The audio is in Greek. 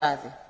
βράδυ.